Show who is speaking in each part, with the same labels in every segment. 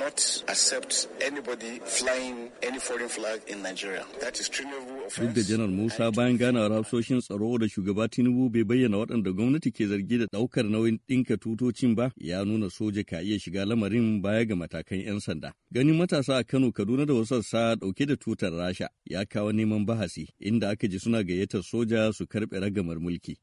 Speaker 1: not accept anybody flying any foreign flag in Nigeria. That is Duk da Janar Musa
Speaker 2: bayan ganawa hafsoshin tsaro da shugaba Tinubu bai bayyana waɗanda gwamnati ke zargi da ɗaukar nauyin ɗinka tutocin ba ya nuna soja ka iya shiga lamarin baya ga matakan 'yan sanda. Ganin matasa a Kano Kaduna da wasu sassa ɗauke da tutar Rasha ya kawo neman bahasi inda aka ji suna gayyatar soja su karɓe ragamar mulki.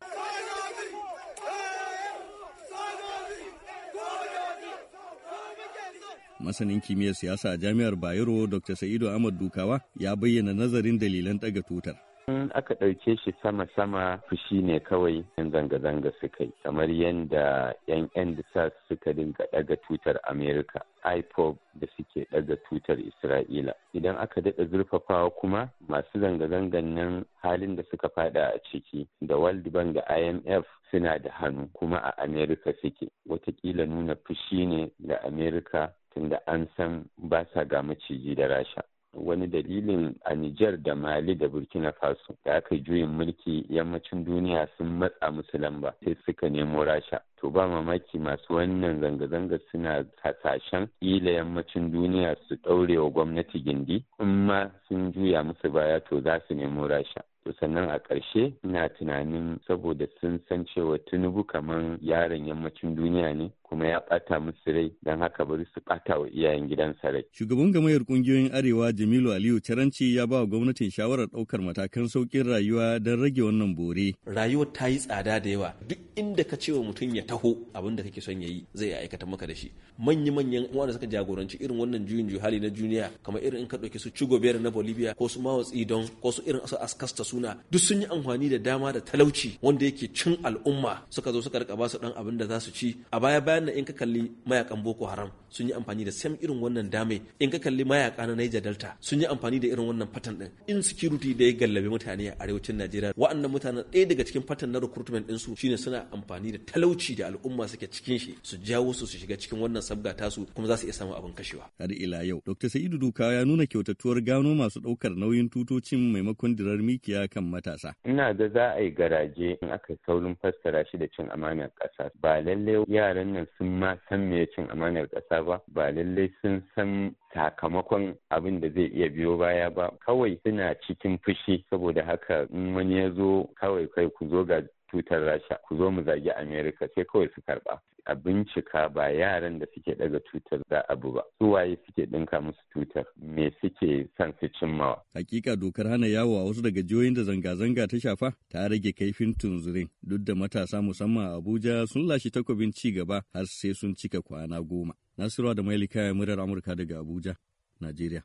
Speaker 2: masanin kimiyyar siyasa a jami'ar bayero dr sa'idu ahmad dukawa ya bayyana nazarin dalilan ɗaga tutar
Speaker 3: in aka ɗauke shi sama-sama fushi ne kawai yan zanga-zanga suka yi kamar yadda yan endisas suka dinga ɗaga tutar amerika ipob da suke ɗaga tutar isra'ila idan aka daɗa zurfafawa kuma masu zanga-zangan nan halin da suka fada a ciki da world bank da imf suna da hannu kuma a amerika suke watakila nuna fushi ne da amerika tunda an san ba sa ga maciji da rasha wani dalilin a Nijar da Mali da Burkina Faso da aka juyin mulki yammacin duniya sun matsa musu lamba sai suka nemo rasha. To ba mamaki masu wannan zanga-zanga suna hasashen ila yammacin duniya su ɗaure wa gwamnati gindi, in ma sun juya musu baya to za su nemo rasha. sannan a ƙarshe ina tunanin saboda sun san cewa tinubu kamar yaron yammacin duniya ne kuma ya ɓata musu rai don haka bari su ɓata wa iyayen gidansa rai.
Speaker 2: Shugaban gamayar ƙungiyoyin Arewa Jamilu Aliyu Taranci ya ba wa gwamnatin
Speaker 1: shawarar ɗaukar matakan sauƙin rayuwa don rage wannan bore. Rayuwa ta yi tsada da yawa duk inda ka ce wa mutum ya taho abin da kake son ya yi zai aikata maka da shi manyan manyan wanda suka jagoranci irin wannan juyin juhali na juniya kamar irin in ka ɗauki su Chugo na Bolivia ko su Mao don ko su irin su Askasta suna duk sun yi amfani da dama da talauci wanda yake cin al'umma suka zo suka rika ba su dan abin da za su ci a baya bayan nan in ka kalli mayakan Boko Haram sun yi amfani da sam irin wannan dame in ka kalli mayaka na Niger Delta sun yi amfani da irin wannan fatan din insecurity da ya gallabe mutane a arewacin Najeriya wa'annan mutanen ɗaya daga cikin fatan na recruitment ɗinsu shine suna amfani da talauci da al'umma suke cikin shi su jawo su su shiga cikin wannan sabga tasu kuma za su iya samun abin kashewa.
Speaker 2: Har ila yau, Dr. Sa'idu Duka ya nuna kyautatuwar gano masu ɗaukar nauyin tutocin maimakon dirar mikiya kan matasa.
Speaker 3: Ina da za a yi garaje in aka saurin fassara shi da cin amanar ƙasa. Ba lalle yaran nan sun ma san me cin amanar ƙasa ba, ba lalle sun san sakamakon abin da zai iya biyo baya ba. Kawai suna cikin fushi saboda haka in wani ya zo kawai kai ku zo ga tutar rasha ku zo mu zagi america sai kawai su karba a bincika ba yaran da suke daga tutar za a abu ba su waye suke dinka musu tutar me suke son su cimmawa
Speaker 2: hakika dokar hana yawo a wasu daga jihohin da zanga-zanga ta shafa ta rage kaifin tunzurin duk da matasa musamman a abuja sun lashe takobin ci gaba har sai sun cika kwana goma nasiru da mailika murar amurka daga abuja najeriya